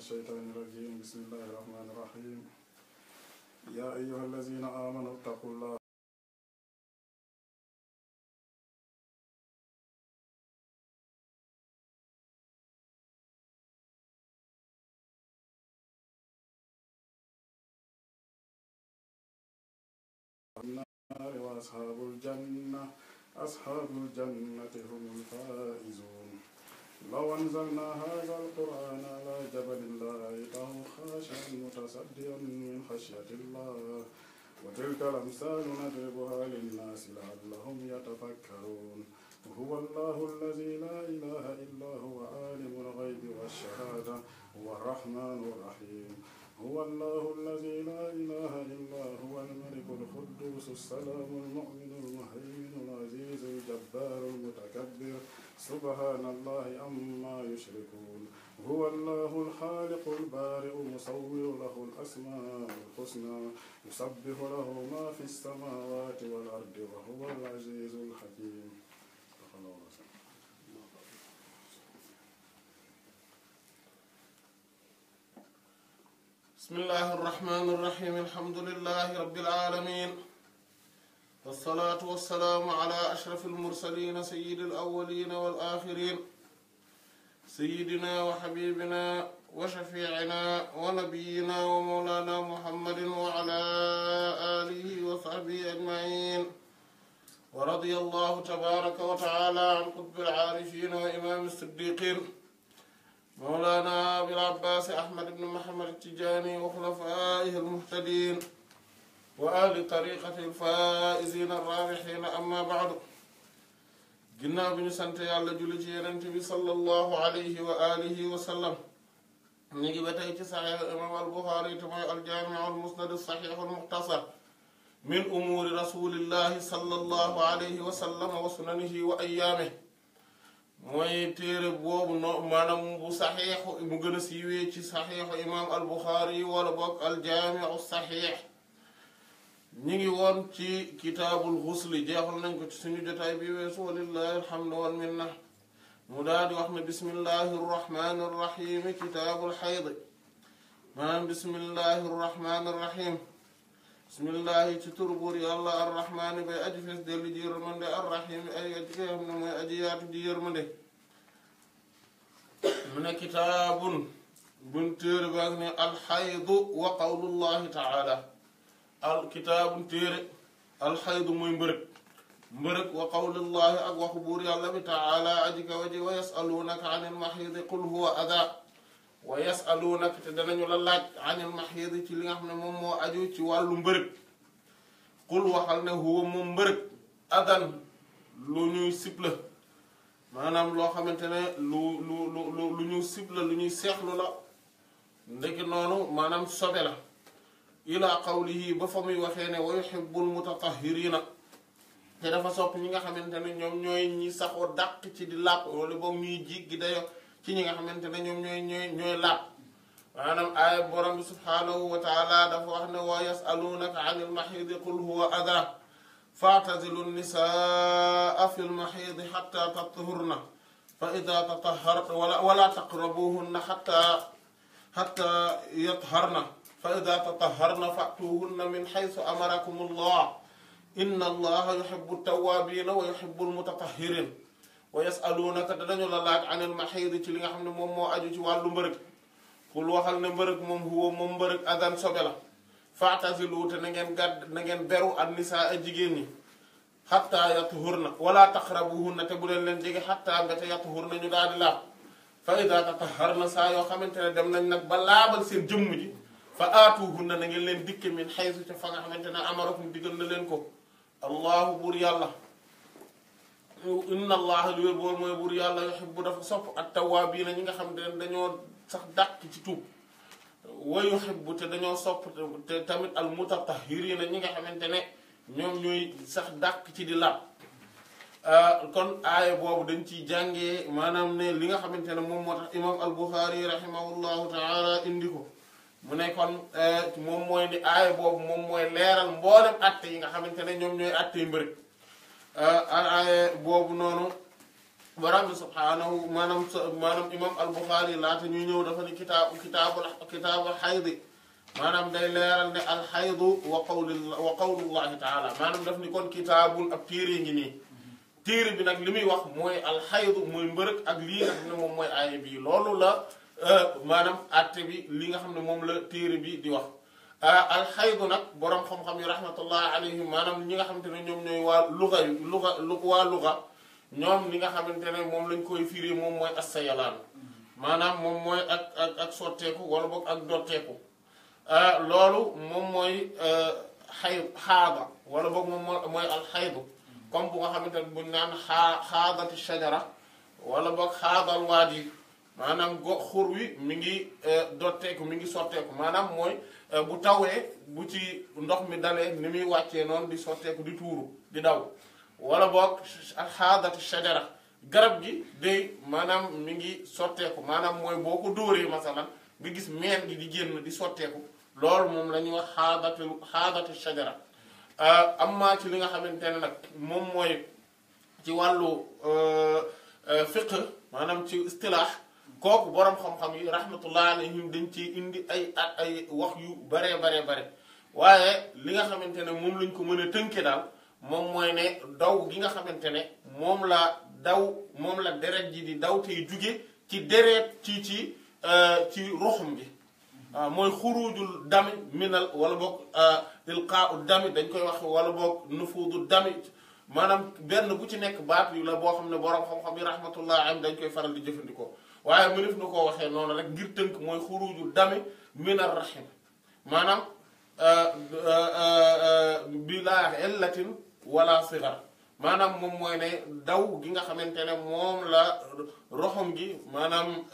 الشيطان الرجيم بسم الله الرحمن الرحيم يا أيها الذين آمنوا اتقوا الله النار وأصحاب الجنة أصحاب الجنة هم الفائزون لو أنزلنا هذا القرآن على جبل لرأيته خاشعا متصديا من خشية الله وتلك الأمثال نضربها للناس لعلهم يتفكرون هو الله الذي لا إله إلا هو عالم الغيب والشهادة هو الرحمن الرحيم هو الله الذي لا إله إلا هو الملك القدوس السلام المؤمن المهيمن العزيز الجبار المتكبر سبحان الله عما يشركون هو الله الخالق البارئ مصور له الأسماء الحسنى يسبح له ما في السماوات والأرض وهو العزيز الحكيم بسم الله الرحمن الرحيم الحمد لله رب العالمين والصلاة والسلام على أشرف المرسلين سيد الأولين والآخرين سيدنا وحبيبنا وشفيعنا ونبينا ومولانا محمد وعلى آله وصحبه أجمعين ورضي الله تبارك وتعالى عن قطب العارفين وإمام الصديقين مولانا أبي العباس أحمد بن محمد التجاني وخلفائه المهتدين وآل طريقة الفائزين الرابحين أما بعد جنا بن على يالا جولي صلى الله عليه وآله وسلم نيجي باتاي صحيح الامام البخاري تما الجامع المسند الصحيح المختصر من امور رسول الله صلى الله عليه وسلم وسننه وايامه موي تير بوب مانام بو صحيح مو صحيح امام البخاري ولا بوك الجامع الصحيح نيجي وان تي كتاب الغسل جاهل نكو تسنو جتاي بي ويسو لله الحمد والمنة مداد وحنا بسم الله الرحمن الرحيم كتاب الحيض مان بسم الله الرحمن الرحيم بسم الله تتربور يا الله الرحمن بي أجفز دي لجير من دي الرحيم أي أجفز من دي أجيات دير من دي من كتاب بنتير بغني الحيض وقول الله تعالى alkitaabun téere alxaydu muy mbërëg mbërëg wa qawlullahi ak waxu buur yàlla bi taala aji kawa ji wa yasaluunaka an ilmaxiidi qul huwa ada wa yasaluunaka te danañu la laaj an ilmaxiidi ci li nga xam ne moom moo aju ci wàllu mbërëk qul waxal ne huwa moom mbërëg adan lu ñuy sibla maanaam loo xamante ne lu lu lu lu ñuy sibla lu ñuy seexlu la ndeki noonu maanaam sobe la ilaa qawlihi ba fa muy waxee ne wa yuhibbul mutatahhirina te dafa sopp ñi nga xamante ne ñoom ñooy ñi saxoo dàq ci di làpp wala boog ñuy jiggi dayo ci ñi nga xamante ne ñoom ñooy ñooy ñooy làpp maanaam aaya borom bi subhaanahu wa taala dafa wax ne wa yasalunaka an il mahidi qul huwa ada faatasilu nisaa fi l mahidi xatta tatahurna fa ida tatahar wala wala taqrabuhunna xatta xatta yatharna فإذا تطهرن فأتوهن من حيث أمركم الله إن الله يحب التوابين ويحب المتطهرين ويسألونك danañu la laaj عن المحيض ci li nga xam ne moom moo aju ci wàllu mbërëg xul waxal ne mbërëg moom huwa moom mbërëg adan sobe la faatazilu te na ngeen gàdd na ngeen beru an nisaa a jigéen ñi xatta yatuhurna wala taqrabuhunna te bu leen leen jege xatta nga te yatuhurna ñu daal di laab fa ida tatahharna saa yoo xamante ne dem nañ nag ba laabal seen jëmm ji fa aatuhunna na ngeen leen dikke min xaysu ca fa nga xamante ne amarakum digal na leen ko allahu buur yàlla inna allaha li wér bool mooy buur yàlla yuhibbu dafa sopp ak tawaabiina ñi nga xam ne dañoo sax dàq ci tuub wa yuhibbu te dañoo sopp te tamit al mutatahhiriina ñi nga xamante ne ñoom ñooy sax dàq ci di laab euh, kon aaya boobu dañ ciy jàngee maanaam ne li nga xamante ne moom moo tax imam al buxaari rahimahullahu taala indi ko mu ne kon eh, moom mooy ni aaya boobu moom mooy leeral mboolem atte yi nga xamante ne ñoom ñooy atte mbërëg eh, al aaya boobu noonu borom bi subhaanahu maanaam maanaam imam al buxaari laata ñuy ñëw dafa ne kitaabu kitaabu kitaabu xaydi maanaam day leeral ne al xaydu wa qawli wa ni kon kitaabul ab téere ngi nii téere bi nag li muy wax mooy al xaydu mooy mbërëg ak lii nga xam moom mooy aaya bii loolu la manam atte bi li nga xamne mom la téré bi di wax al alxaydu nak borom xam-xam yi rahmatullah alayhi manam ñi nga xamante ñom ñoy wa waa luga luga lu waa luga ñoom li nga xamante ne moom lañ koy firé mom moy as-sayalan manam mom moy ak ak ak sotteeku wala bok ak dotteeku loolu moom mooy xay xaada wala bok mom moy al alxaydu comme bu nga xamante bu nane naan xaa shajara wala boog xaadal wadi maanaam go xur wi mi ngi euh, dotteeku mi ngi sotteeku maanaam mooy euh, bu tawee bu ci ndox mi dalee ni muy wàccee noonu di sotteeku di tuuru di daw wala boog xaadati shajara garab gi day maanaam mi ngi sotteeku maanaam mooy boo ko dóoree masalan nga gis meen gi di génn di sotteeku loolu moom la ñuy wax xaadatu xaadatu shajara euh, amma ci li nga xamante ne nag moom mooy ci wàllu fiqh maanaam ci istilaax kooku borom xam-xam yi rahmatullah alayhim dañ ci indi ay at ay wax yu baree baree bare waaye li nga xamante ne moom lañ ko mën a tënke daal moom mooy ne daw gi nga xamante ne moom la daw moom la deret ji di daw tey juge ci deret ci ci ci ruxum gi waaw mooy xurujul dami minal wala boog ilqaau dami dañ koy wax wala boog nufuudu dami maanaam benn bu ci nekk baat yu la boo xam ne borom xam-xam yi rahmatullah alayhim dañ koy faral di jëfandikoo waaye mënef na ko waxee noonu rek ngir tënk mooy xuruju dami minar rahim maanaam euh, euh, euh, bilaa illatin wala sigar maanaam moom mooy ne daw gi nga xamante ne moom la roxom gi maanaam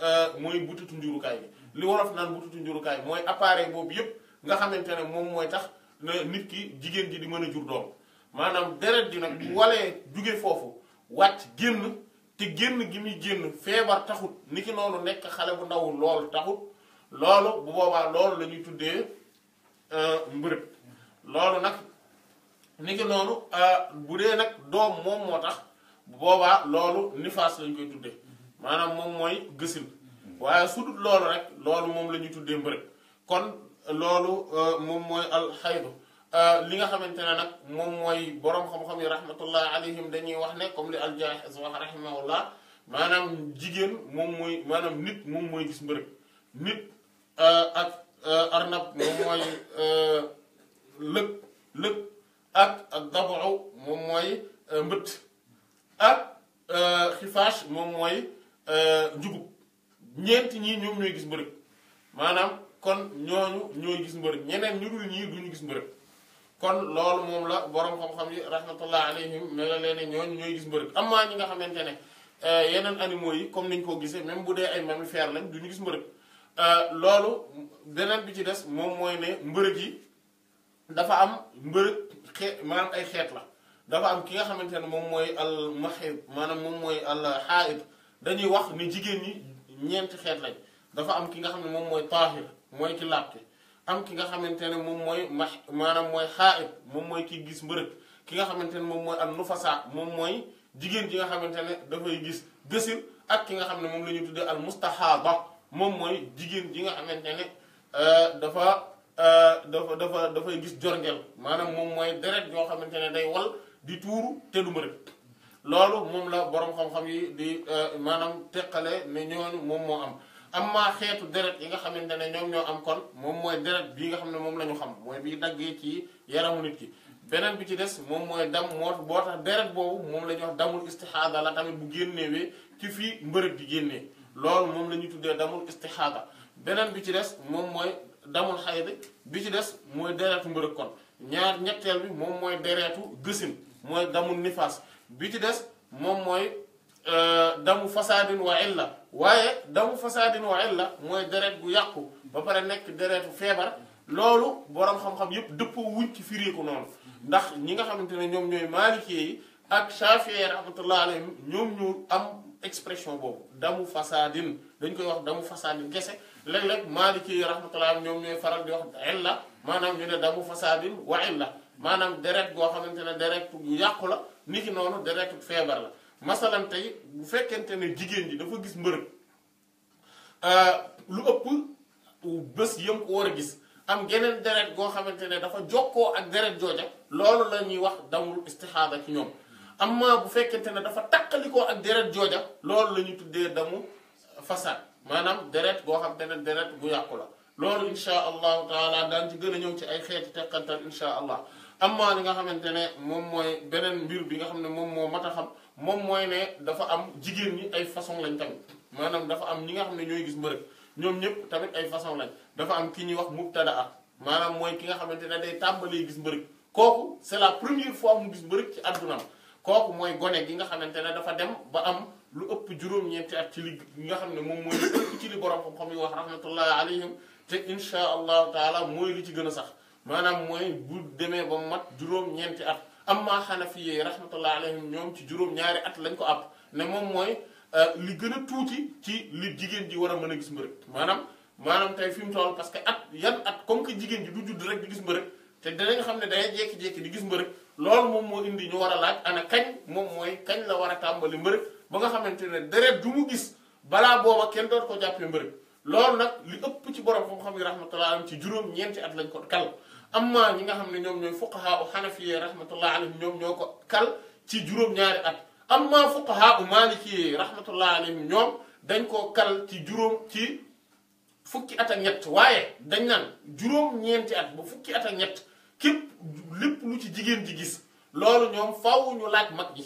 mooy butitu njurukaay li wolof naan butitu njurukaay mooy appareil boobu yépp nga xamante ne moom mooy tax nit ki jigéen ji di mën a jur doom maanaam deret ji nag bu walee jóge foofu wàcc génn te génn gi muy génn feebar taxut ni ki nekk xale bu ndaw loolu taxut loolu bu boobaa loolu lañuy tuddee euh, mbërëb loolu nag ni ki noonu euh, bu dee nag doom moom moo tax bu boobaa loolu nifaas lañ koy tuddee maanaam moom mooy gësin waaye su dul loolu rek loolu moom la ñuy tuddee mbërëb kon loolu euh, moom mooy alxaydu Euh, li nga xamante ne nag moom mooy boroom xam-xam yi rahmatullah alayhim dañuy wax ne comme li al-Jaahiz wax rahimahullah maanaam jigéen moom mooy maanaam nit moom mooy gis mbërëg nit euh, ak euh, arnab moom mooy lëg lëg ak ak dabaxu moom mooy mbëtt ak xifaas moom mooy njugub ñeenti ñii ñoom ñooy gis mbërëg maanaam kon ñooñu ñooy gis mbërëg ñeneen ñu dul ñii duñu gis mbërëg kon loolu moom la borom xam-xam yi rahmatullah alayhim ne la ñooñu ñooy gis mbërëg am na ñi nga xamante ne eh, yeneen animaux yi comme niñ ko gisee même bu dee ay mammifères lañ du ñu gis mbërëg eh, loolu beneen bi ci des moom mooy ne mbërëg yi dafa am mbërëg maanaam ay xeet la dafa am ki nga xamante ne moom mooy al mahib maanaam moom mooy al haid dañuy wax ni jigéen ñi ñeenti xeet lañ dafa am ki nga xam ne moom mooy taahir mooy ki yi am ki nga xamante ne moom mooy ma maanaam mooy xaaib moom mooy kiy gis mbërëg ki nga xamante ne moom mooy am nufasa moom mooy jigéen ji nga xamante ne dafay gis gësil ak ki nga xam ne moom la ñuy tuddee al mustahaaba moom mooy jigéen ji nga xamante ne euh, dafa euh, dafa dafa dafay gis jorngel maanaam moom mooy deret yoo xamante ne day wal di tuuru te du mbërëg loolu moom la boroom xam-xam yi di euh, maanaam teqale ne ñooñu moom moo am am maa xeetu deret yi nga xamante ne ñoom ñoo am kon moom mooy deret bii nga xam ne moom la ñu xam mooy bii daggee ci yaramu nit ki beneen bi ci des moom mooy dam moo boo tax deret boobu moom la ñuy wax damul istixaada la tamit bu génnewee ci fii mbërëb bi génnee loolu moom la ñuy tuddee damul istixaada beneen bi ci des moom mooy damul xaydi bi ci des mooy deretu mbërëg kon ñaar ñetteel bi moom mooy deretu gësin mooy damul nifaas bi ci des moom mooy damu fasaadin wa illa waaye damu fasaadin wa illa mooy deret gu yàqu ba pare nekk deretu feebar loolu boroom xam-xam yépp dëppoo wuñ ci firi ko noonu ndax ñi nga xamante ne ñoom ñooy maalikee yi ak shafi'i rahmatullah alayhim ñoom ñu am expression boobu damu fasaadin dañ koy wax damu fasaadin kese léeg-léeg maalikee yi rahmatullah ñoom ñooy faral di wax illa maanaam ñu ne damu fasaadin wa illa maanaam deret goo xamante ne deret gu yàqu la niki noonu deretu feebar la masalan tey bu fekkente ne jigéen ji dafa gis mbërëg euh, lu ëpp bés yëm ko war a gis am geneen deret goo xamante ne dafa jokkoo ak deret jooja loolu la ñuy wax damul istixaada ci ñoom amma bu fekkente ne dafa takkalikoo ak deret jooja loolu la ñuy tuddee damu fasaad maanaam deret goo xam te ne deret gu yàqu la loolu insha allahu taala daan ci gën a ñëw ci ay xeeti teqantal insha allah amma li nga xamante ne moom mooy beneen mbir bi nga xam ne moom moo mat a xam moom mooy ne dafa am jigéen ñi ay façon lañ tamit maanaam dafa am ñi nga xam ne ñooy gis mbërëg ñoom ñëpp tamit ay façon lañ dafa am ki ñuy wax mubtadaa maanaam mooy ki nga xamante ne day tàmbalee gis mbërëg kooku c'est la première fois mu gis ci addunaam kooku mooy gone gi nga xamante ne dafa dem ba am lu ëpp juróom-ñeenti at ci li nga xam ne moom mooy lu ci li borom xam-xam yi wax rahmatullahi alayhim te insha allahu taala mooy li ci gën a sax maanaam mooy bu demee ba mat juróom-ñeenti at amma xanafiye rahmatullah alayhim ñoom ci juróom-ñaari at lañ ko àpp ne moom mooy euh, li gën a tuuti ci li jigéen ji war a mën a gis mbërëg maanaam maanaam tey fi mu toll parce que at yan at comme que jigéen ji du judd rek di gis mbërëg te danañ xam ne day jékki-jékki di gis mbërëg loolu moom moo indi ñu war a laaj ana kañ moom mooy kañ la war a tàmbali mbërëg ba nga xamante ne deret du mu gis balaa booba kenn doot ko jàppee mbërëg loolu nag li ëpp ci borom xam-xam yi rahmatullah alayhim ci juróom at lañ ko kal amma ñi nga xam ne ñoom ñooy fuqaha u xanafiyee rahmatullah alayhim ñoom ñoo ko kal ci juróom-ñaari at amma fuqaha u maalikiyee rahmatullah alayhim ñoom dañ koo kal ci juróom ci fukki at ak ñett waaye dañ naan juróom-ñeenti at ba fukki at ak ñett képp lépp lu ci jigéen ji gis loolu ñoom faaw ñu laaj mag ji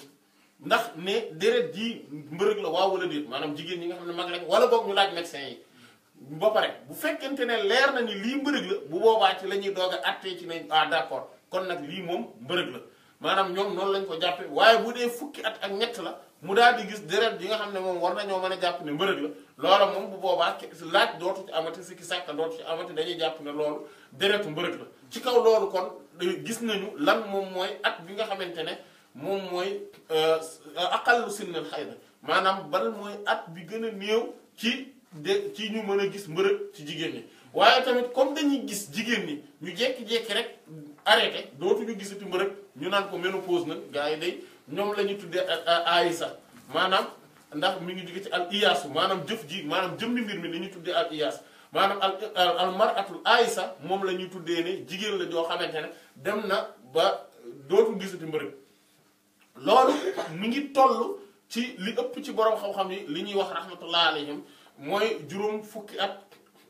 ndax ne deret ji mbërëg la waaw wala déet maanaam jigéen ñi nga xam ne mag lañ wala boog ñu laaj médecin yi ba pare bu fekkente ne leer na ni lii mbërëg la bu boobaa ci la ñuy doog a attee ci nañ ah d'accord kon nag lii moom mbërëg la maanaam ñoom noonu lañ ko jàppee waaye bu dee fukki at ak ñett la mu daal di gis deret yi nga xam ne moom war nañoo mën a jàpp ne mbërëg moom bu boobaa laaj dootu ci amati sikki sàkka dootu ci amati dañuy jàpp ne loolu deretu mbërëg la ci kaw loolu kon gis nañu lan moom mooy at bi nga xamante ne moom mooy euh, aqallu xay xayda maanaam bal mooy at bi gën a néew ci de ci ñu mën a gis mbërëg ci jigéen ñi waaye tamit comme dañuy gis jigéen ñi ñu jekki-jekki rek arrêté dootuñu gisati mbërëg ñu naan ko ménopause nag gars yi day ñoom la ñuy tuddee aayisa maanaam ndax mu ngi jóge ci al iyaasu maanaam jëf ji maanaam jëmmi mbir mi la ñuy tuddee al iyaas maanaam al al maratul aayisa moom la ñuy tuddee ne jigéen la doo xamante ne dem na ba dootu gisati mbërëg loolu mu ngi toll ci li ëpp ci boroom xam-xam yi li ñuy wax rahmatullah alayhim mooy juróom fukki at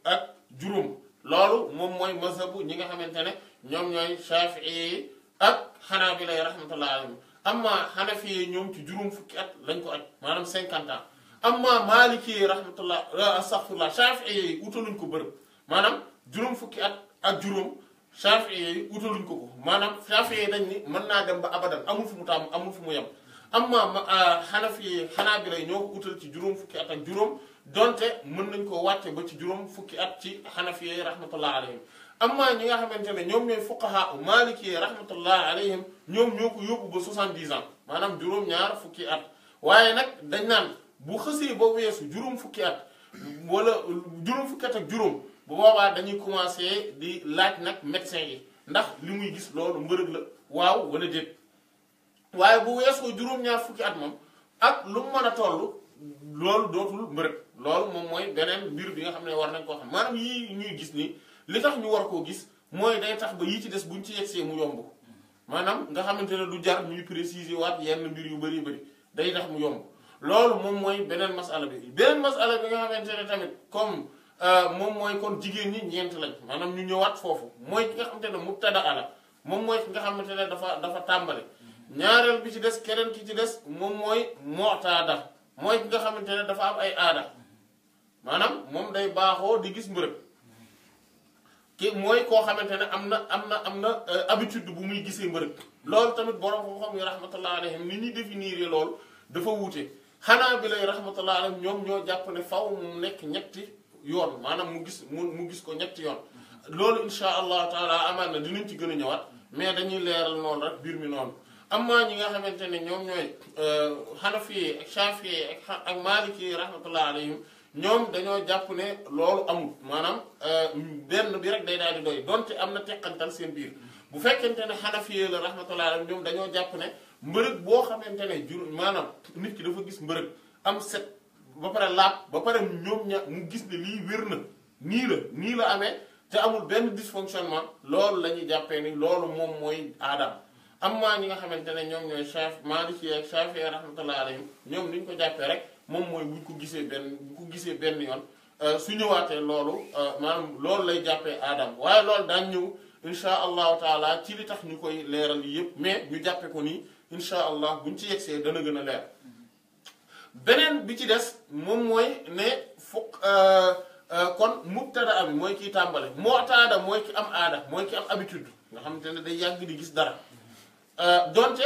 ak juróom loolu moom mooy mazhabu ñi nga xamante ne ñoom ñooy shafii ak xanaabila rahmatullah alayhim amma xanafi ñoom ci juróom fukki at lañ ko aj maanaam cinquante ans amma maliki rahmatullah ah, astaghfirullah shafii utaluñ ko bërëb maanaam juróom fukki at ak juróom shafii utaluñ ko ko maanaam shafii dañ ni mën naa dem ba abadan amul fu mu taamu amul fu mu yem amma xanafi ah, xanaa ñoo ko utal ci juróom fukki at ak juróom donte mën nañ koo wàcce ba ci juróom fukki at ci xanafiya yi rahmatullah am amma ñi nga xamante ne ñoom ñooy fuqaha u maliki rahmatullah alayhim ñoom ñoo ko yóbbu ba soixante-dix ans maanaam juróom-ñaar fukki at waaye nag dañ naan bu xësee ba weesu juróom fukki at wala juróom fukki at ak juróom bu boobaa dañuy commencé di laaj nag médecin yi ndax li muy gis loolu mbërëg la waaw wala déet waaye bu weesoo juróom-ñaar fukki at moom ak lu mu mën a toll loolu dootul mbërëg loolu moom mooy beneen mbir bi nga xam ne war nañ koo xam maanaam yii ñuy gis nii li tax ñu war koo gis mooy day tax ba yii ci des buñ ci yegsee mu yomb maanaam nga xamante ne du jar ñuy préciser waat yenn mbir yu bëri bëri day tax mu yomb loolu moom mooy beneen masala bi beneen masala bi nga xamante ne tamit comme euh, moom mooy kon jigéen ñi ñeent lañ maanaam ñu ñëwaat foofu mooy ki nga xamante ne mubtada ala moom mooy ki nga xamante ne dafa dafa tàmbale ñaareel bi ci des keneen ki ci des moom mooy mootaada mooy ki nga xamante ne dafa am ay aada maanaam moom day baaxoo di gis mbërëg ki mooy koo xamante ne am na am na am na euh, habitude bu muy gisee mbërëg loolu tamit borom xam-xam yi rahmatullah alayhim ni ñuy définir loolu dafa wuute xanaa bi lay rahmatullah alayhim ñoom ñoo jàpp ne faw mu nekk ñetti yoon maanaam mu gis mu mu gis ko ñetti yoon loolu insha allahu taala amaan na dinañ ci gën a ñëwaat mais dañuy leeral noonu rek biir mi noonu amma ñi nga xamante ne ñoom ñooy xanafi euh, yi ak shafi yi ak maaliki yi rahmatullah alayhim ñoom dañoo jàpp ne loolu amul maanaam euh, benn bi day daal di doy donte am na teqantal seen biir bu fekkente ne xanafi la rahmatullah alayhim ñoom dañoo jàpp ne mbërëg boo xamante ne jur maanaam nit ki dafa gis mbërëg am set ba pare laab ba pare ñoom ña mu gis ni lii wér na nii la nii la amee te amul benn dysfonctionnement loolu la ñuy jàppee ni loolu moom mooy aadam am amma ñi nga xamante ne ñoom ñooy Shafi Maliki ak Shafi rahmatullahi alayhim ñoom ñu ko jàppee rek moom mooy buñ ko gisee benn buñ ko gisee benn yoon euh, su ñëwaatee loolu euh, maanaam loolu lay jàppee aadam waaye loolu daan ñëw insha allahu taala ci li tax ñu koy leeral yépp mais ñu jàppee ko nii insha allah ñu ci yegsee dana gën a leer beneen bi ci des moom mooy ne fukk euh, kon mubtada am mooy kiy tàmbali moo taada mooy ki am aada mooy ki am habitude nga xamante ne day yàgg di gis dara Euh, donte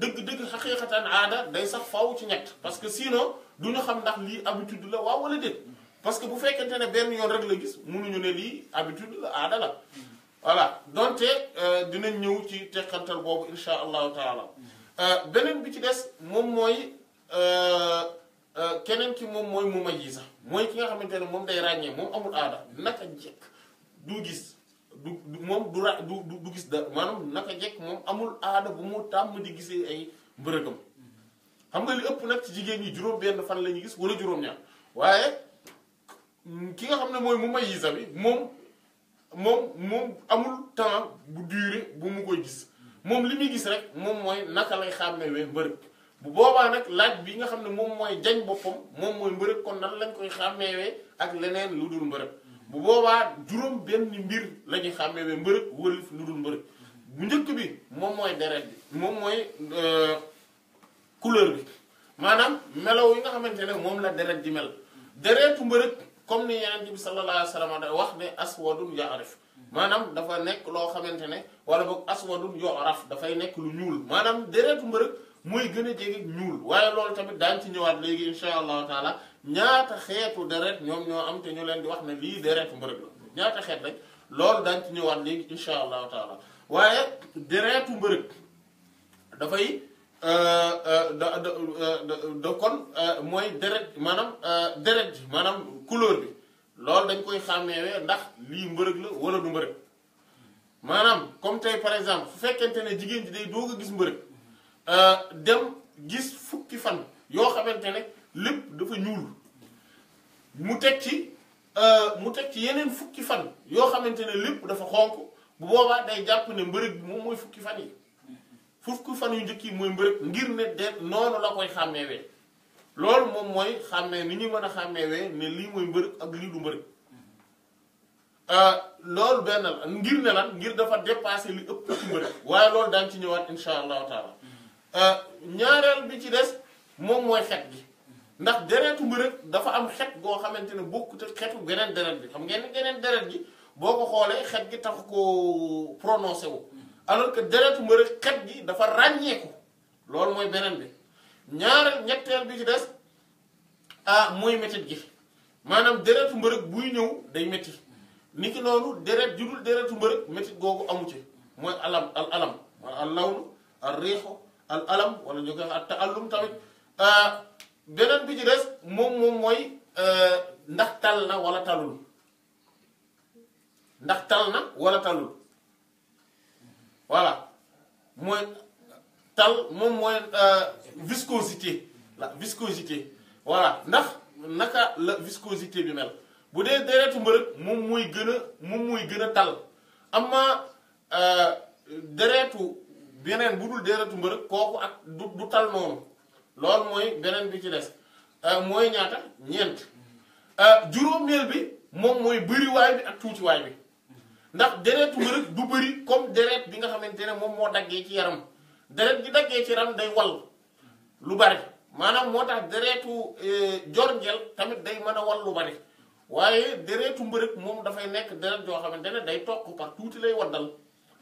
dëgg-dëgg euh, xaqiiqatan aada day sax faw ci ñett parce que sinon du ñu xam ndax lii habitude la waaw wala déet parce que bu fekkente ne benn yoon rek la gis munuñu ne lii habitude la aada la voilà donte euh, dinañ ñëw ci teqantal boobu insha allah taala beneen bi ci des moom mooy keneen ki moom mooy mu mayi sax mooy ki nga xamante ne moom day ràññee moom amul aada naka jekk du gis du moom du ra du du gis da maanaam naka jekk moom amul aada bu mu tàmm di gisee ay mbërëgam xam nga li ëpp nag ci jigéen ñi juróom-benn fan la ñuy gis wala juróom-ñaar waaye ki nga xam ne mooy mu may yi bi moom moom moom amul temps bu durée bu mu koy gis moom li muy gis rek moom mooy naka lay xàmmewee mbërëg bu boobaa nag laaj bi nga xam ne moom mooy jañ boppam moom mooy mbërëg kon nan lañ koy xàmmewee ak leneen lu dul mbërëg bu boobaa juróom benn mbir la ñuy xàmmee mbërëg wëlif lu dul mbërëg bu njëkk bi moom mooy deret bi moom mooy euh, couleur bi maanaam melaw yi nga xamante ne moom la deret ji mel deretu mbërëg comme ni yonent bi sallallahu alayhi wa sallam da wax ne aswadun yaarif maanaam dafa nekk loo xamante ne wala boog aswadun yoraf dafay nekk lu ñuul maanaam deretu mbërëg mooy gën a jege ñuul waaye loolu tamit daañu ci ñëwaat léegi incha allahu taala ñaata xeetu deret ñoom ñoo am te ñu leen di wax ne lii deretu mbërëg la ñaata xeet rek loolu dañ ci ñëwaat léegi insha allahu taala waaye deretu mbërëg dafay euh, euh, da da euh, kon mooy deret maanaam deret ji maanaam couleur bi loolu dañ koy xàmmeewee ndax lii mbërëg la wala maanaam comme tey par exemple su fekkente ne jigéen ji day doo ko gis mbërëg dem gis fukki fan yoo xamante ne lépp dafa ñuul mu teg ci euh, mu teg ci yeneen fukki fan yoo xamante ne lépp dafa xonk bu boobaa day jàpp ne mbërëg bi moom mooy fukki fan yi fukki fan yu njëkk yi mooy mbërëg ngir ne de noonu la koy xàmmeewee loolu moom mooy xàmmee ni ñuy mën a xàmmeewee ne lii mooy mbërëg ak lii du mbërëg euh, loolu benn la ngir ne lan ngir dafa dépassé li ëpp ci mbërëg waaye loolu daan ci ñëwaat insha allahu taala euh, ñaareel bi ci des moom mooy xet gi ndax deretu mbërëg dafa am xet goo xamante ne bokkut ak xetu geneen deret bi xam ngeen geneen deret gi boo ko xoolee xet gi tax ko prononcé wu alors que deretu mbërëg xet gi dafa ràññeeku loolu mooy beneen bi ñaareel ñetteel bi ci des ah mooy métit gi maanaam deretu mbërëg buy ñëw day métti niki noonu deret judul deretu mbërëg métit amu ci mooy alam al alam al lawlu al riixu al alam wala ñu koy al taallum tamit beneen bi ci des moom moom mooy euh, ndax tal na walla talul ndax tal na wala talul voilà mooy tal moom mooy euh, viscosité la viscosité voilà ndax naka la viscosité bi mel bu dee deretu mbërëg moom mooy gën a moom mooy gën a tal amma euh, deretu beneen bu dul deretu mbërëg kooku ak du du tal noonu loolu mooy beneen bi ci des euh, mooy ñaata ñeent euh, juróomeel bi moom mooy bëriwaay bi ak tuutiwaay bi ndax deretu wërëg du bëri comme deret bi nga xamante ne moom moo daggee ci yaram deret gi daggee ci yaram day wal lu bari maanaam moo tax deretu euh, jorngeel tamit day mën a wal lu bari waaye deretu mbërëg moom dafay nekk deret joo xamante ne day toq par tuuti lay waddal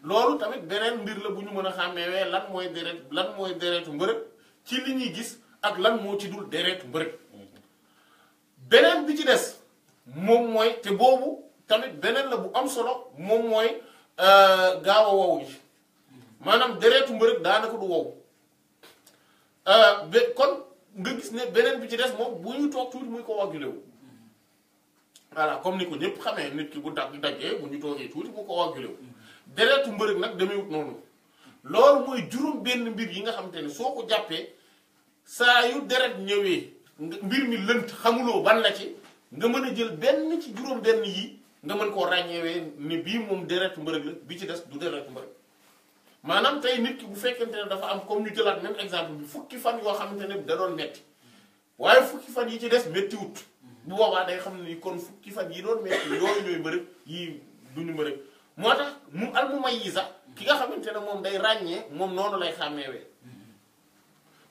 loolu tamit beneen mbir la bu ñu mën a xàmmee lan mooy deret lan mooy deretu mbërëg ci li ñuy gis ak lan moo ci dul deret mbërëg beneen bi ci des moom mooy te boobu tamit beneen la bu am solo moom mooy euh, gaaw a wow gi maanaam deretu mbërëg daanaka du wow euh, kon nga gis ne beneen bi ci des moom bu ñu toog tuuti muy ko coagulé wu. voilà comme ni ko ñëpp xamee nit ki bu dagg daggee bu ñu toogee tuuti mu coagulé wu deretu mbërëg nag demewut noonu. loolu mooy juróom benn mbir yi nga xamante ne soo ko jàppee saa yu deret ñëwee mbir mi lënt xamuloo ban la ci nga mën a jël benn ci juróom benn yi nga mën koo ràññeewee ni bii moom deretu mbërëg la bi ci des du deretu mbërëg maanaam tey nit ki bu fekkente ne dafa am comme ñu jëlaat même exemple bi fukki fan yoo xamante ne da doon metti waaye fukki fan yi ci des metti wut bu boobaa day xam ni kon fukki fan yi doon metti yooyu ñooy mbërëg yi duñu mbërëg moo tax mu al mu may yi ki nga xamante ne moom day ràññee moom noonu lay xàmmeewee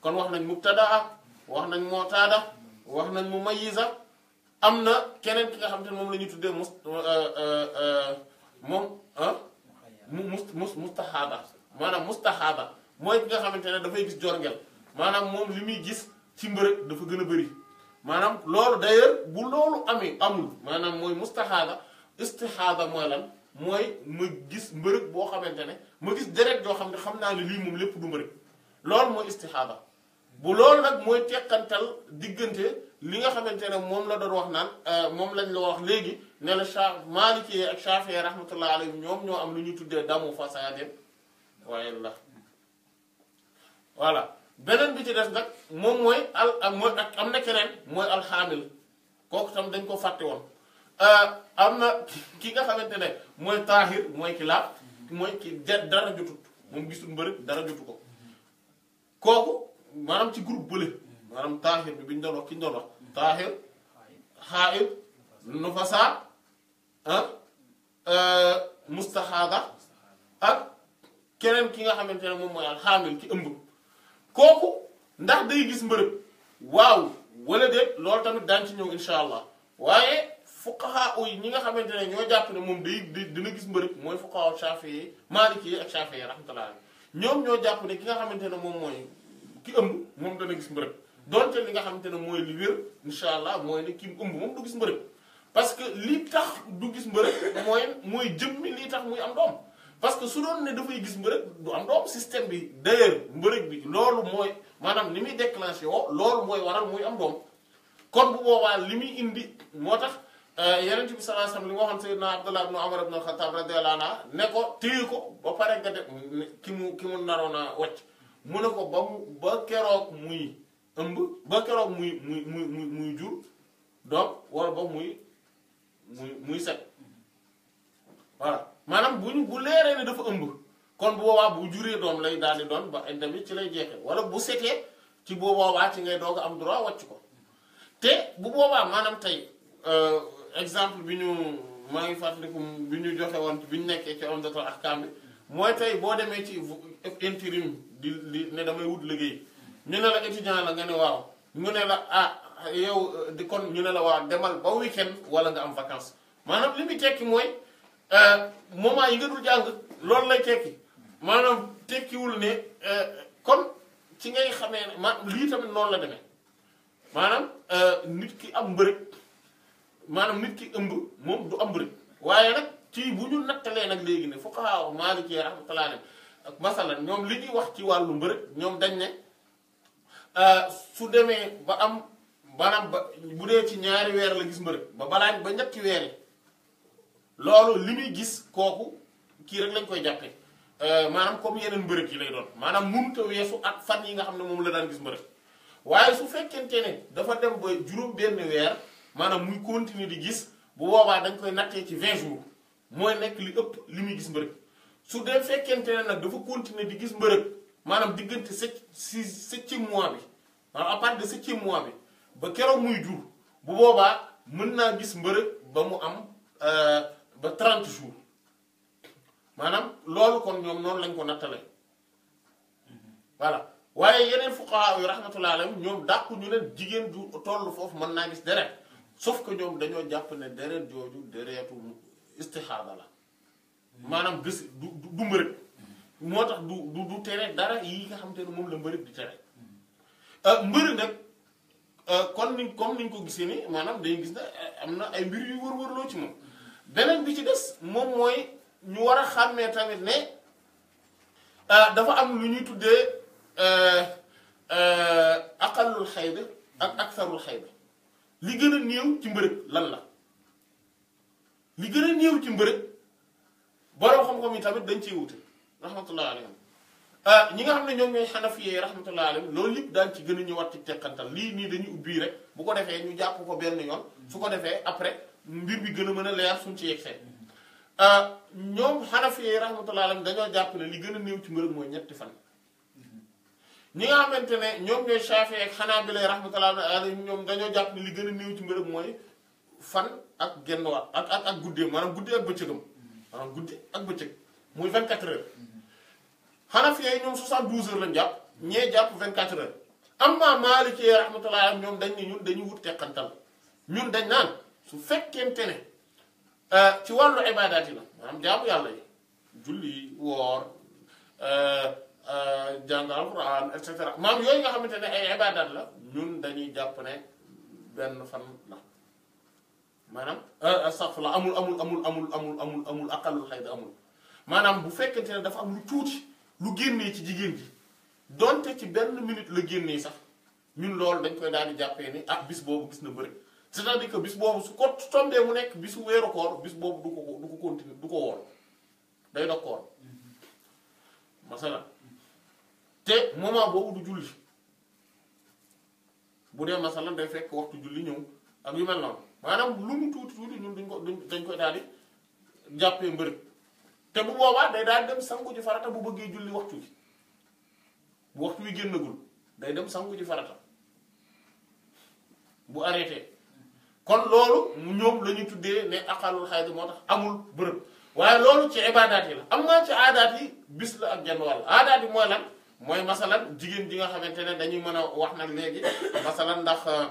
kon wax nañ mubtadaa wax nañ mootaada wax nañ mumayyiza am na keneen ki nga xamante ne moom la ñuy tuddee mus euh, euh, euh, moom mu mus mus mustahaada maanaam mustahaada mooy ki nga xamante ne dafay gis jorngel maanaam moom li muy gis ci mbërëg dafa gën a bëri maanaam loolu d'ailleurs bu loolu amee amul maanaam mooy mustahaada istihaada mooy lan mooy ma gis mbërëg boo xamante ne ma gis deret yoo xam ne xam naa ne lii moom lépp du mbërëg loolu mooy istixaada bu loolu nag mooy tekkantal diggante li nga xamante ne moom la doon wax naan euh, moom lañ la wax léegi ne la Cha ak Shafi rahmatullah alayhi ñoom ñoo am lu ñu tuddee damu fasaadin waaye la voilà beneen bi ci des nag moom mooy al mooy ak am na keneen mooy alxaamil kooku tam dañ ko fàtte woon euh, am na ki nga xamante ne. moy tahir moy ki lap moy ki dara jotut moom gisul mbërëg dara jotu ko koku manam ci groupe bële manam tahir bi bi ñu ki ñu tahir wax nufasa hein euh mustahada ak keneen ki nga xamantene mom moy mooy alxaamil ki ëmb koku ndax day gis mbërëg waw wala de loolu tamit dan ci ñëw inshallah waye fuqaha o yi nga xamantene ñoo japp ne mom day dina gis mbërëg moy fuqaha Shafi'i yi Maliki ak Shafi'i rahmatullah ñom ñoo japp ne ki nga xamantene mom moy ki ëmb mom dana gis mbërëg donte li nga xamantene moy li wër inshallah moy ne ki ëmb mom du gis mbërëg parce que li tax du gis mbërëg moy moy jëmmi li tax muy am doom parce que su doon ne da fay gis mbërëg du am doom système bi d'ailleurs mbërëg bi loolu moy manam li muy déclenché woo loolu moy waral muy am doom kon bu boobaa limi indi motax Euh, yonent bi sallallahu alayhi wasallam li mu waxoon sayyidna Abdullah ibn Umar ibn al-Khattab radiyallahu anhu ne ko téye ko ba pare nga def ki mu ki mu naroon a wàcc mu ne ko ba mu ba keroog muy ëmb ba keroog muy muy muy muy muy jur donc wala ba muy muy muy set voilà maanaam bu ñu bu leeree ne dafa ëmb kon bu boobaa bu juree doom lay daal di doon ba indam ci lay jeexee wala bu setee ci boobaa ci ngay doog a am droit wàcc ko te bu boobaa maanaam tey. Euh, exemple bi ñu maa ngi fàttaliku bi ñu joxe woon bi ñu nekkee ci Umdatul Ahkam bi mooy tey boo demee ci intérim di di ne damay wut liggéey ñu ne la étudiant la nga ne waaw ñu ne la ah yow di kon ñu ne la waaw demal ba weekend wala nga am vacance maanaam li muy tekki mooy euh, moment yi nga dul jàng loolu lay tekki maanaam tekkiwul ne euh, kon ci ngay xame ne ma lii tamit noonu la demee maanaam euh, nit ki am mbërëg maanaam nit ki ëmb moom du ëmb rek waaye nag ci bu ñu nattalee nag léegi ne fuqahaa maaliki rahmatullaahi ak masalan ñoom li ñuy wax ci wàllu mbërëg ñoom dañ ne euh, su demee ba am maanaam ba bu dee ci ñaari weer la gis mbërëg ba balaañ ba ñetti weer yi loolu li muy gis kooku kii rek lañ koy jàppee euh, maanaam comme yeneen mbërëg yi lay doon maanaam mënut a weesu ak fan yi nga xam ne moom la daan gis mbërëg waaye su fekkente ne dafa dem ba juróom benn weer maanaam muy continuer di gis bu boobaa dañ koy nattee ci vingt jours mooy nekk li ëpp li muy gis mbërëg su dee fekkente ne nag dafa continuer di gis mbërëg maanaam diggante sept si septième mois bi maanaam à partir de septième mois bi ba keroog muy jur bu boobaa mën naa gis mbërëg ba mu am euh, ba trent jours maanaam loolu kon ñoom noonu lañ ko nattalee voilà waaye yeneen fuqahaa yu rahmatullahi alayhim ñoom dàqu ñu leen jigéen du toll foofu mën naa gis deret sof ko ñoom dañoo jàpp ne deret jooju deretu istixaada la maanaam gis du du mbërëg moo tax du du du dara yi nga xam te ne moom la mbërëg di tere euh, mbërëg nag kon euh, ni comme niñ ko gisee ni maanaam day gis ne eh, am na ay mbir yu wër-wërloo ci moom beneen bi ci des moom mooy ñu war a xàmmee tamit ne euh, dafa am lu ñuy tuddee aqallul xayd ak aktharul xayd li gën a néew ci mbërëg lan la li gën a néew ci mbërëg borom xam-xam yi tamit dañ ciy wute rahmatullah alayhim ah, ñi nga xam ne ñoom ñooy xanafiyee rahmatullah alayhim loolu li daan ci gën a ñëwaat ci teqantal lii nii dañu ubbi rek bu ko defee ñu jàpp ko benn yoon su ko defee après mbir bi gën a mën a leer suñ ci yegsee ah, ñoom xanafiyee rahmatullah alayhim dañoo jàpp ne li gën a néew ci mbërëg mooy ñetti fan ñi nga xamante ne ñoom ñooy Shafi'i ak Hanabila rahmatullahi alayhim ñoom dañoo jàpp li gën a néew ci mbërëb mooy fan ak genn wa ak ak ak guddee maanaam guddi ak bëccëgam maanaam guddi ak bëccëg muy 24 heures Hanafi yi ñoom 72 lañ jàpp ñee jàpp 24 heures amma Maliki yi rahmatullahi alayhim ñoom dañ ne ñun dañu wut teqantal ñun dañ naan su fekkente ne euh, ci wàllu ibaadaat yi la maanaam jaamu yàlla yi julli woor euh, Euh, jàng alquran et cetera maam yooyu nga xamante ne ay ibadat la ñun dañuy jàpp ne benn fan la maanaam euh, astafurlah amul amul amul amul amul amul amul aqalul xayd amul maanaam bu fekkente ne dafa am lu tuuti lu génnee ci jigéen ji donte ci benn minute la génnee sax ñun loolu dañ koy daal di jàppee ni ah bis boobu gis na bëri cest di que bis boobu su ko tombee mu nekk bisu weeru koor bis boobu du ko du continuer du ko woor day dog koor mm-hmm. te moment boobu du julli bu dee masalan day fekk waxtu julli ñëw ak yu mel noonu maanaam lu mu tuuti tuuti ñun dañ koy daal di jàppee mbërëg te bu boobaa day daal dem sangu ji farata bu bëggee julli waxtu bi bu waxtu wi génnagul day dem sangu ji farata bu arrêté kon loolu ñoom la ñu tuddee ne aqalul xayda moo tax amul bërëb waaye loolu ci ibaadaat yi la am naa ci aadaat yi bis la ak genn wàll aadaat mooy lan mooy masalan jigéen ji nga xamante ne dañuy mën a wax nag léegi masalan ndax euh,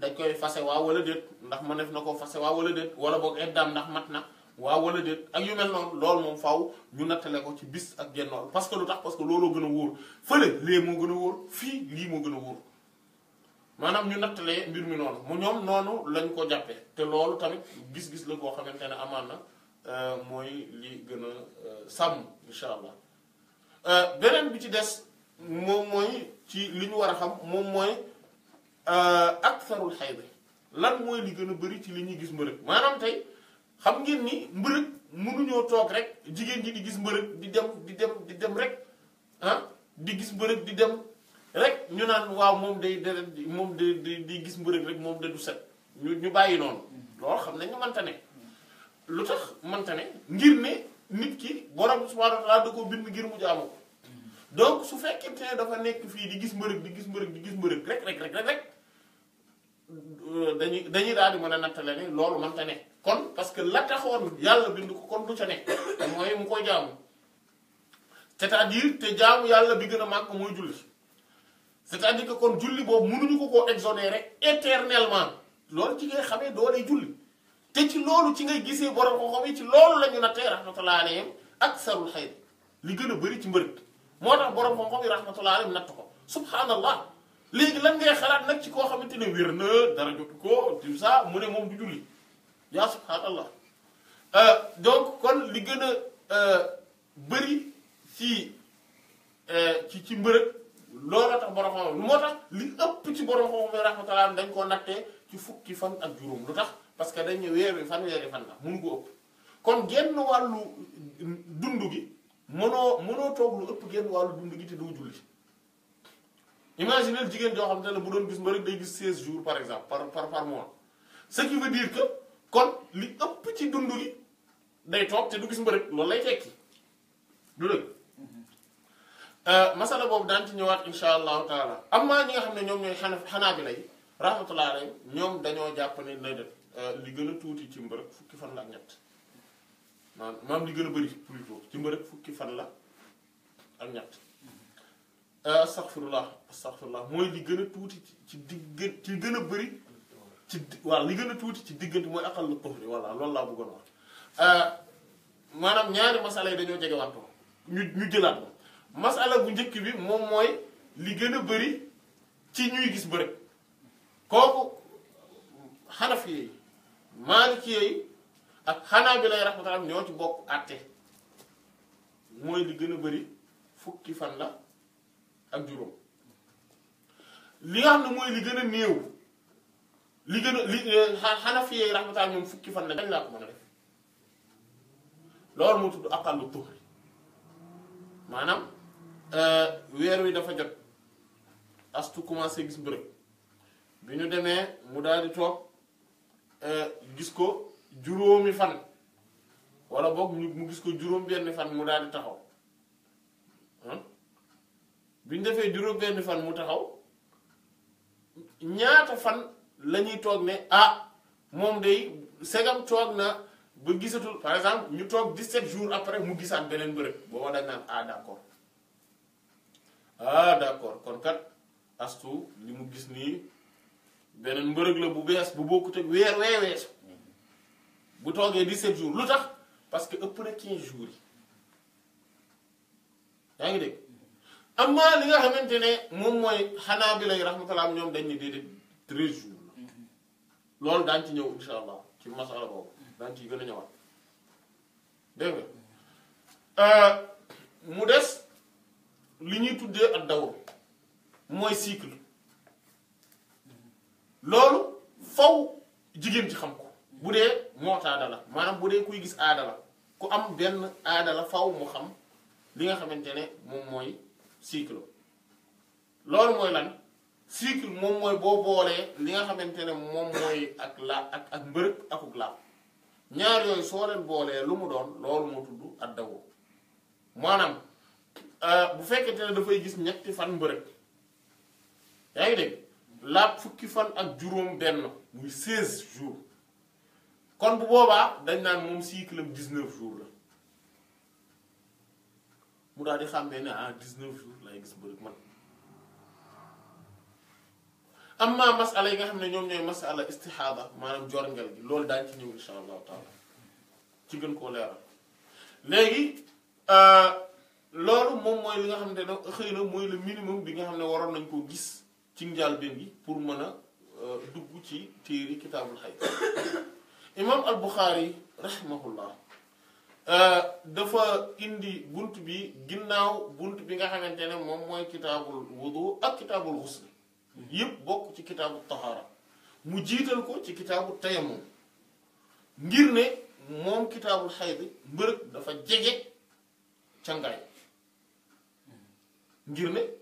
dañ koy fase waaw wala déet ndax ma def na ko fase waa wala déet wala boog eddaam ndax mat na waa wala déet ak yu mel noonu loolu moom faw ñu nattale ko ci bis ak gennool parce que lu tax parce que looloo gën a wóor fële lee moo gën a wóor fii lii moo gën a wóor maanaam ñu nattale mbir mi noonu mu ñoom noonu lañ ko jàppee te loolu tamit gis-gis la boo xamante ne amaan na euh, mooy li gën euh, sàmm incha Euh, beneen bi ci des moom mooy ci li ñu war a xam moom mooy euh, aktharul xay bi lan mooy li gën a bëri ci li ñuy gis mbërëg maanaam tey xam ngeen ni mbërëg mënuñoo toog rek jigéen ñi di gis mbërëg di dem di dem di dem rek ah di gis mbërëg di dem rek ñu naan waaw moom day day moom day di gis mbërëg rek moom da du set ñu ñu bàyyi noonu mm-hmm. loolu xam nañ ne mënta ne lu tax mënta ne ngir ne. nit ki borom subhanahu wa ta'ala da ko bind ngir mu jamo donc su fekkente ne dafa nek fi di gis mbeureuk di gis mbeureuk di gis mbeureuk rek rek rek rek rek euh, dañuy dañuy daal di mën a nattale ne loolu mën ta nek kon parce que la taxone yalla bind ko kon du ca nek moy mu ko jamo c'est-à-dire te jamo yalla bi gën mak moy julli c'est-à-dire que kon julli bobu mënuñu ko ko exonérer éternellement loolu ci ngay xamé do lay julli te ci loolu ci ngay gisee borom xam-xam yi ci loolu la ñu nattee rahmatullahi alayhim ak sarul xayr li gën a bëri ci mbërëg moo tax borom xam-xam yi rahmatullahi alayhim natt ko subhanallah léegi lañ ngay xalaat nag ci koo xamante ne wér na dara jotu ko tout ça mu ne moom du julli yaa subhanallah euh, donc kon li gën a euh, bëri ci euh, ci ci mbërëg loolu tax borom xam-xam moo tax li ëpp ci borom xam-xam yi rahmatullahi alayhim dañ koo nattee ci fukki fan ak juróom lu tax parce que dañu weer wi fanweeri fan la mun ko ëpp kon genn wàllu dund gi mënoo mënoo toog lu ëpp genn wàllu dund gi te doo julli imaginez jigéen joo xam ne la bu doon bis mbaa day gis 16 jour par exemple par par par mois ce qui veut dire kon li ëpp ci dund gi day toog te du gis mbaa rek lay tekki du dëgg euh, masala boobu daan ci ñëwaat insha allahu taala am na ñi nga xam ne ñoom ñooy xanaa xanaa bi lay rahmatullahi alayhi ñoom dañoo jàpp ne Euh, li gën a tuuti ci mbërëg fukki fan la ak ñett maanaam maam li gën a bëri plutôt ci mbërëg fukki fan la ak ñett euh, astaghfirullah astaghfirullah mooy li gën a tuuti ci diggan ci gën a bëri ci waaw li gën a tuuti ci diggante mooy aqal la tuhri voilà loolu laa bëggoon wax euh, maanaam ñaari masala yi dañoo jege wàttoo ñu ñu jëlaat ko masala bu njëkk bi moom mooy li gën a bari ci ñuy gis bërëg kooku xanaf yi maa maaliki yooyu ak xanaa bi lay raxmatullah ñoo ci bokk àtte mooy li gën a bëri fukki fan la ak juróom li nga xam ne mooy li gën a néew li gën a li xanafi eh, yooyu raxmatullah moom fukki fan la dañ laa ko mën a def loolu moo tudd aqallu tuhri maanaam eh, weer wi dafa jot astu commencé gis mbërëg bi ñu demee mu daal di toog Eh, gis ko juróomi fan wala boog mu gis ko juróom benn fan mu daal di taxaw biñu defee juróom benn fan mu taxaw ñaata fan la ñuy toog ne ah moom day segam toog na ba gisatul par exemple ñu toog 17 jours après mu gisaat beneen bërëb booba dañ naan ah d' accord ah d' accord kon kat astu li mu gis nii beneen mbërëg la bu bees bu bokkut ak weer wee bu toogee 17 jours lu tax parce que ëpp na 15 jours yi yaa ngi dégg li nga xamante ne moom mooy rahmatullah ñoom dañ ne déedéet 13 jours la loolu ci ñëw insha allah ci masala boobu daañu ciy gën a ñëwaat dégg nga euh, mu des li ñuy tuddee ak dawr mooy cycle loolu faw jigéen ci xam ko bu dee moot aada la maanaam bu dee kuy gis aada la ku am benn aada la faw mu xam li nga xamante ne moom mooy cycle loolu mooy lan cycle moom mooy boo boolee li nga xamante ne moom mooy ak la ak ak mbërëg laa ñaar yooyu soo leen boolee lu mu doon loolu moo tudd ak dawoo maanaam euh, bu fekkente ne dafay gis ñetti fan mbërëg yaa ngi dégg laab fukki fan ak juróom benn muy 16 jours kon bu boobaa dañ naan moom cycle am 19 jours la mu daal di xàmmee ne ah 19 jours lay gis bëri man am naa masala yi nga xam ne ñoom ñooy masala istixaada maanaam jorngel gi loolu daañu ci ñëw insha allahu taala ci gën koo leeral léegi euh, loolu moom mooy li nga xam ne xëy na mooy le minimum bi nga xam ne waroon nañ koo gis ci njàlbéen bi pour mën a euh, dugg ci téere kitaabul xay imaam al buxaari euh, dafa indi bunt bi ginnaaw bunt bi nga xamante ne moom mooy kitaabul wudu ak kitaabul xusl yépp bokk ci kitaabul tahaara mu jiital ko ci kitaabu tayammum ngir ne moom kitaabul xayd mbërëg dafa jege cangaay ngir ne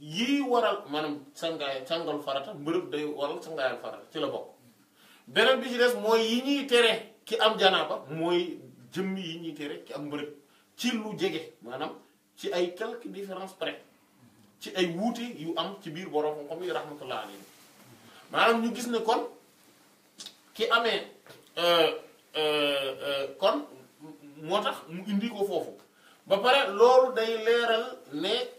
yii waral maanaam sangaay sangalu farata mbërëb day waral sangaayal farata ci la bokk beneen bi ci des mooy yi ñuy tere ki am janaaba mooy jëmm yi ñuy tere ki am mbërëb ci lu jege maanaam ci ay quelques différence près ci ay wuute yu am ci biir borom xam-xam yi maanaam ñu gis ne kon ki amee euh, euh, euh, kon moo tax mu indi ko foofu ba pare loolu day leeral ne.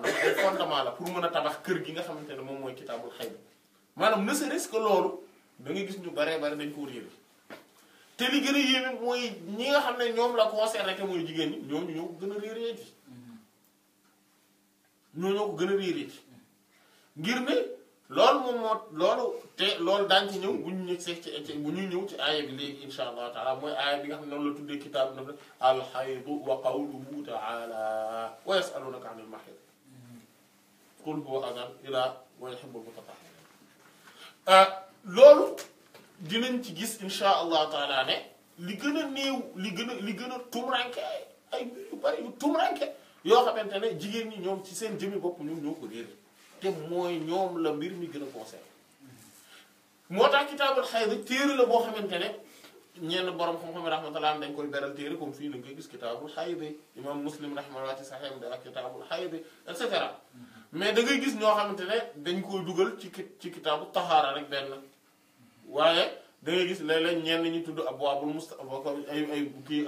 maanaam ay mën a tabax kër gi nga xamante ne moom mooy kitaabul xay bi maanaam ne serait-ce que loolu da nga gis ñu baree bari dañ ko réer te li gën a yéeme mooy ñi nga xam ne ñoom la concerné te mooy jigéen ñi ñooñu ñoo ko gën a réeree ji ñoo gën a réeree ngir ne loolu moom moo loolu te loolu daan ci ñëw bu ñu ñëw ci bu ñuy ñëw ci aaya bi léegi insha allah taala mooy aaya bi nga xam ne noonu la tuddee kitaabu na alxaydu wa qawluhu taala wa yasalunaka anil mahid qul huwa azan ila wa yuhibbul mutatahhirin loolu dinañ ci gis insha allahu taala ne li gën a néew li gën a li gën a tumuranke ay yu bari yu tumuranke yoo xamante ne jigéen ñi ñoom ci seen jëmi bopp ñoom ñoo ko réer te mooy ñoom la mbir mi gën a concerné moo tax kitaabul xayd téere la boo xamante ne ñeen borom xam-xam yi rahmatullah dañ koy beral téere comme fii la nga gis kitaabul xayd imam muslim rahmatullah ci saxiix bi ak kitaabul xayd et cetera. mais da ngay gis ñoo xamante ne dañ koy dugal ci ci kitaabu taxaara rek benn waaye da ngay gis léeg-léeg ñenn ñi tudd abwaabul musta ay ay kii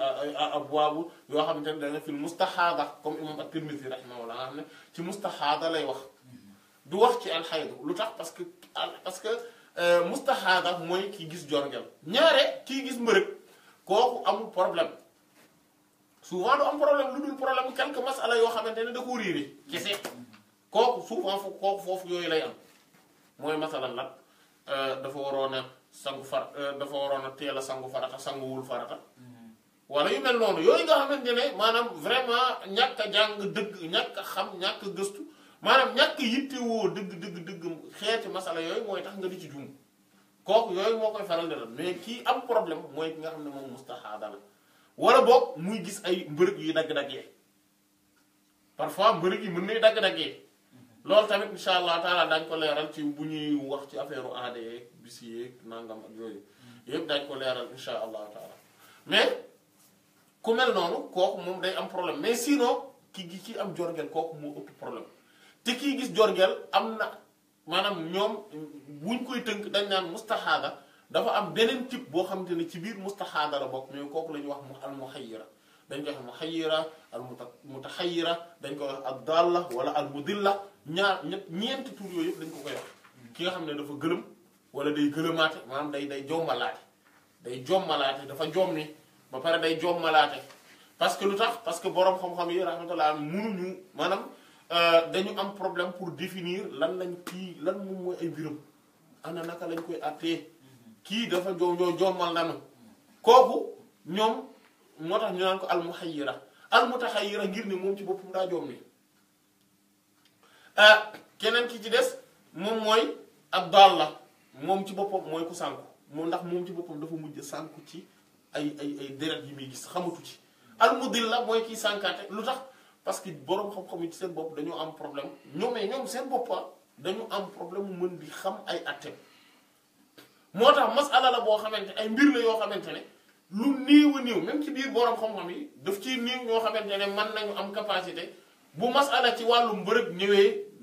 abwaabu yoo xamante ne danga fil mustahaada comme imam at-Tirmidhi rahimahullah nga xam ne ci mustahaada lay wax mm-hmm. du wax ci alxaydu lu tax parce que parce que euh, mustahaada mooy kii gis jorgel ñaare kii gis mbërëg kooku problème souvent du am problème lu dul problème quelque masala yoo xamante ne da koo réere kese kooku souvent foofu foofu yooyu lay am mooy masalan nag euh, dafa waroon a sangu far euh, dafa waroon a teel a sangu farata sanguwul farata mm-hmm. wala yu mel noonu yooyu nga xamante ne maanaam vraiment ñàkk a jàng dëgg ñàkk xam ñàkk gëstu maanaam ñàkk yittewoo dëgg dëgg dëgg xeeti masala yooyu mooy tax nga li ci jum kooku yooyu moo koy faral di la mais kii am problème mooy ki nga xam ne moom mustahaada la wala boog muy gis ay mbërëg yu dagg-daggee parfois mbërëg yi mën nay dagg-daggee loolu tamit incha allah taala dañ ko leeral ci bu ñuy wax ci affaire aada yeeg bis nangam ak yooyu mm. yëpp daañu ko leeral incha allah taala mais ku mel noonu kooku moom day am problème mais sinon ki gi ki am jorgeel kooku moo ëpp problème te ki gis jorgeel am na maanaam ñoom buñ koy tënk dañ naan mustaxaada dafa am beneen type boo xamante ne ci biir mustaxaada la bokk mais kooku la ñuy wax mu al muxayyira dañ koy wax muxayyira al mutaxayyira dañ koy wax dalla wala al mudilla ñaar ñett ñeenti tur yooyu yëpp dañ ko ko wax ki nga xam ne dafa gërëm wala day gëlëmaate maanaam day day jommalaate day jommalaate dafa jommi ba pare day jommalaate parce que lu tax parce que borom xam-xam yi rahmatullah munuñu maanaam euh, dañu am problème pour définir lan lañ kii lan moom mooy ay mbiram ana naka lañ koy attee kii dafa joom ñoo jommal nanu kooku ñoom moo tax ñu naan ko almuhayyira almutahayyira ngir ne moom ci boppam daa joom ni Ah, keneen ki ci des moom mooy ab daal la moom ci boppam mooy ko sànku moom ndax moom ci boppam dafa mujj sànku ci ay ay ay deret yi muy gis xamatu ci al mudil la mooy kiy sànkaate lu tax parce que boroom xam-xam yi ci seen bopp dañoo am problème ñoomee ñoom seen boppa ah, dañu am problème mu mën bi xam ay attem moo tax masala la boo xamante ay mbir la yoo xamante ne lu néew a néew ci biir boroom xam-xam yi daf ciy néew ñoo xamante ne man nañu am capacité bu masala ci wàllu mbërëg ñëwee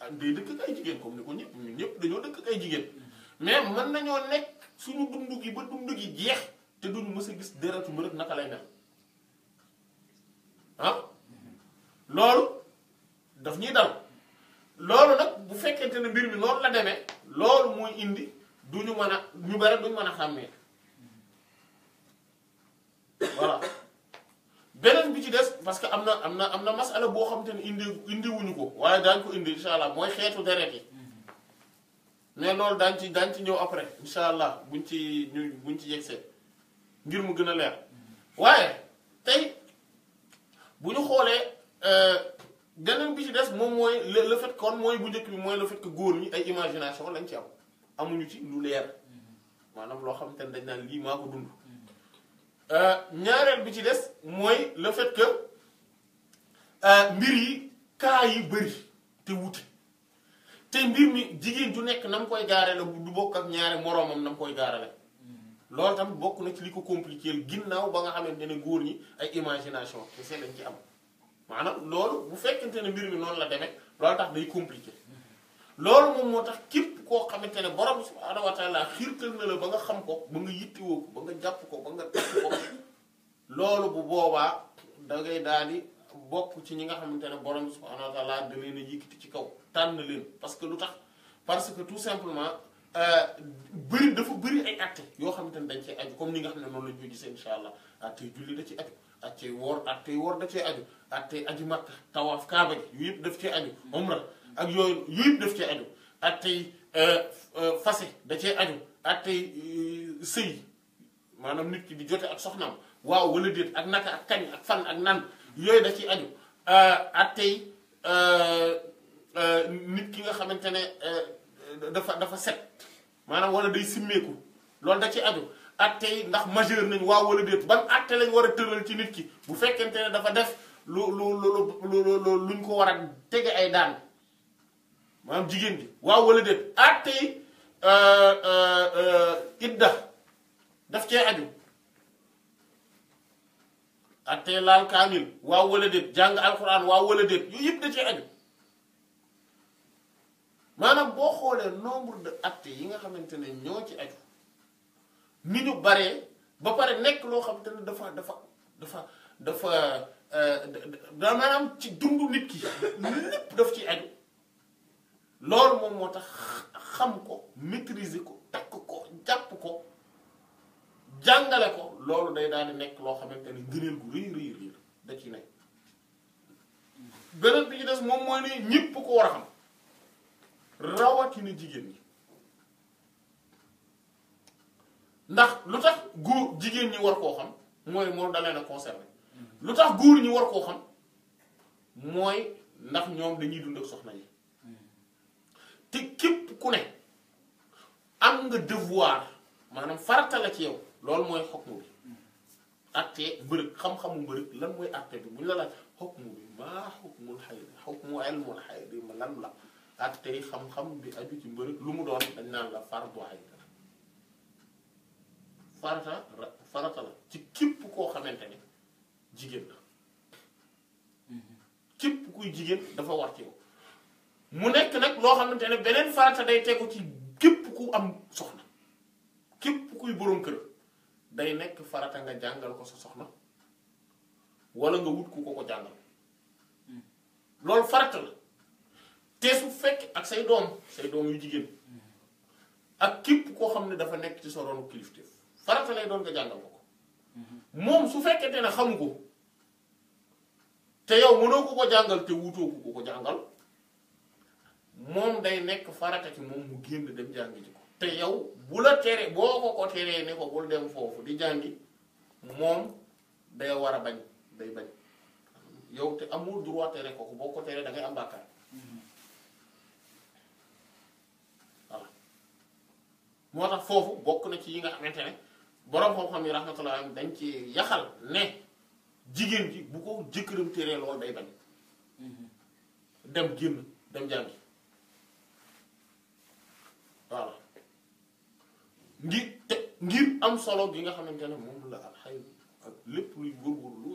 ah day dëkk ak ay jigéen comme ni ko ñëpp ñun dañoo dëkk ak ay jigéen mais mën nañoo nekk suñu dund gi ba dund gi jeex te du mës a gis deretu mbërëg naka lay mel ah loolu daf ñuy dal loolu nag bu fekkente ne mbir mi noonu la demee loolu mooy indi du ñu mën a ñu bari duñu mën a xàmmee voilà beneen bi ci des parce que am na am na am na masala boo xam te ne indi indiwuñu ko waaye daañu ko indi incha allah mooy xeetu deret yi mais loolu daañ ci daañ ci ñëw allah buñ ci buñ ci yegsee ngir mu gën a leer waaye tey bu ñu xoolee euh, beneen bi ci des moom mooy le fait kon mooy bu njëkk bi mooy le fait que góor ñi ay imagination lañ ci am amuñu ci lu leer maanaam loo xam te ne dañ naan lii maa ko dund Euh, ñaareel bi ci des mooy le fait que euh, mbir yi kaa yi bëri te wute te mbir mi jigéen ju nekk na mu koy gaarale du bokk ak ñaare moroomam na mu koy gaarale mm-hmm. loolu tamit bokk na ci li ko compliqué ginnaaw ba nga xamante ne góor ñi ay imagination te seen lañ ci am maanaam loolu bu fekkente ne mbir mi noonu la deme loolu tax day compliqué loolu moom moo tax képp koo xamante ne borom subhaanahu wa taala xiirtal na la ba nga xam ko ba nga yittewoo ko ba nga jàpp ko ba nga takk bu boobaa da ngay daal di bokk ci ñi nga xamante ne borom subhaanahu wa taala ci kaw tànn leen que lu tax parce que tout simplement euh, bëri dafa bëri ay actes yoo xamante ne dañ cee aju comme ni nga xam ne noonu la ñu gisee incha allah actes yu julli da ci aju. actes yu woor actes yu woor da cee aju actes yu aju makka tawaaf kaaba ji yooyu yëpp daf cee aju umra ak yooyu yooyu def ci aju ak tey fase da cee aju ak tey sëy maanaam nit ki di jote ak soxnaam waaw wala déet ak naka ak kañ ak fan ak nan yooyu da ciy aju ak tey nit ki nga xamante dafa dafa set maanaam wala day simmeeku loolu da ciy aju ak tey ndax majeur nañ waaw wala déet ban atte lañ war a tëral ci nit ki bu fekkente dafa def lu lu lu lu luñ ko war a ay daan maanaam jigéen bi waaw wala déet atte yi euh, euh, euh, idda daf cee aju atte laal kaamil waaw wala déet jàng alxuraan waaw wala déet yooyu yëpp da cee aju maanaam boo xoolee nombre de atte yi nga xamante ne ñoo ci aju ni ñu baree ba pare nekk loo xamante ne dafa dafa dafa dafa da maanaam ci dundu nit ki lépp daf ci aju loolu moom moo tax xam ko maîtriser ko takk ko jàpp ko jàngale ko loolu day daal di nekk loo xamante ne ngëneel gu rëy rëy rëy da ci nekk beneen bi ci des moom mooy ne ñëpp ko war a xam rawatina jigéen ñi ndax lu tax góor jigéen ñi war koo xam mooy moo dalee na concerné mm-hmm. lu tax góor ñi war koo xam mooy ndax ñoom dañuy dund ak soxna yi te képp ku ne am nga devoir maanaam farata la ci yow loolu mooy xokmu bi atte mbërëg xam-xamu mbërëg lan mooy atte bi bu ñu la laaj xokmu bi maa xokmul xaydi xokmu elmul xaydi ma lan la atte xam-xam bi aju ci mbërëg lu mu doon dañ naan la fardu xaydi farata farata la ci képp koo xamante ne jigéen la mm-hmm. képp kuy jigéen dafa war ci yow mu nekk nag loo xamante ne beneen farata day tegu ci képp ku am soxna képp kuy boroom kër day nekk farata nga jàngal ko sa soxna walla nga wut ku ko ko jàngal loolu farata la te ak say doom say yu jigéen ak képp koo xam ne dafa nekk ci sa ronu kilifteef lay doon nga jàngal ko ko moom su fekkente ne xamu ko te yow mënoo ko ko jàngal te wutoo ko ko jàngal moom day nekk farata ci moom mu génn dem jàngi ci ko te yow bu la tere boo ko ko teree ne ko bul dem foofu di jàngi moom day war a bañ day bañ yow te amul droit tere ko boo ko teree am bàkkaar foofu bokk na ci yi nga xamante ne borom xam-xam yi rahmatullah dañ ci yaxal ne jigéen ji bu ko jëkkëram teree loolu day bañ mm-hmm. dem génn dem jàngi voilà ngir te ngir am solo gi nga xamante ne moom la ak xay ak lépp luy góorgóorlu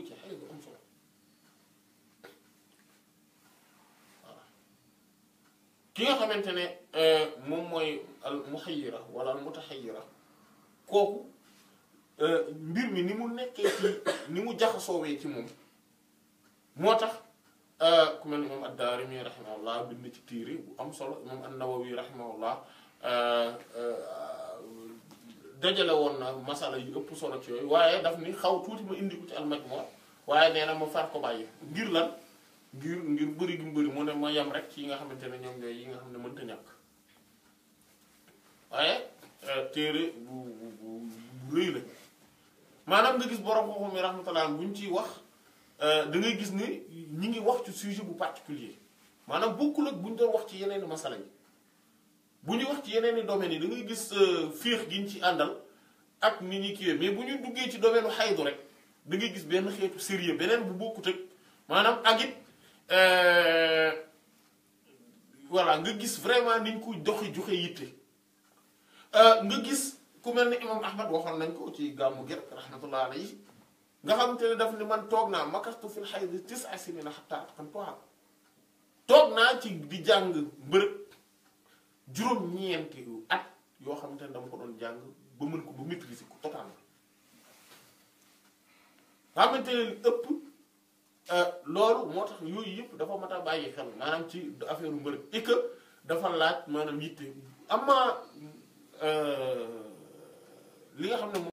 nga xamante ne euh, moom mooy al muxayyira wala kooku euh, mbir mi ni mu nekkee ci ni mu jaxasoowee ci moom moo tax euh, ku mel ni moom ad-Daarimi rahimahullah bind ci tiiri bu am solo moom an-Nawawi rahimahullah Euh, euh, dajale woon na masala yu ëpp solo ci yooyu waaye daf ni xaw tuuti ma indi ko ci almajmua waaye nee na ma far ko bàyyi ngir lan ngir ngir bëri gi mu bëri mu ne ma yem rek ci yi nga xamante ne ñoom ñooy yi nga xam ne mënta ñàkk waaye euh, téere bu bu bu rëy la maanaam nga gis borom kooku mi rahmatullah buñ ciy wax da ngay gis ni ñu ngi wax ci sujet bu particulier maanaam bokkul ak buñ doon wax ci yeneen masala yi bu ñu wax ci yeneen i domaines yi da ngay gis euh, féex giñ ci àndal ak ni ñuy kiiwee mais bu ñu duggee ci domaine xaydu rek da ngay gis benn xeetu sérieux beneen bu bokkut ak maanaam ak it euh, voilà nga gis vraiment niñ ko doxi joxe yitte euh, nga gis ku mel ni imam ahmad waxoon nañ ko ci gàmmu gi rahmatullah alayhi nga xam te daf ni man toog naa makastu fil xaydi tis'a sinina xatta atqantuha toog naa ci di jàng mbërëg juróom-ñeenti yu at yoo xamante ne dama ko doon jàng ba mën ko ba maîtriser ko totalement xamante ne li ëpp euh, loolu moo tax yooyu yëpp dafa mat xel maanaam ci affaire mbërëg et que dafa laaj maanaam yitte am na euh, li nga xam ne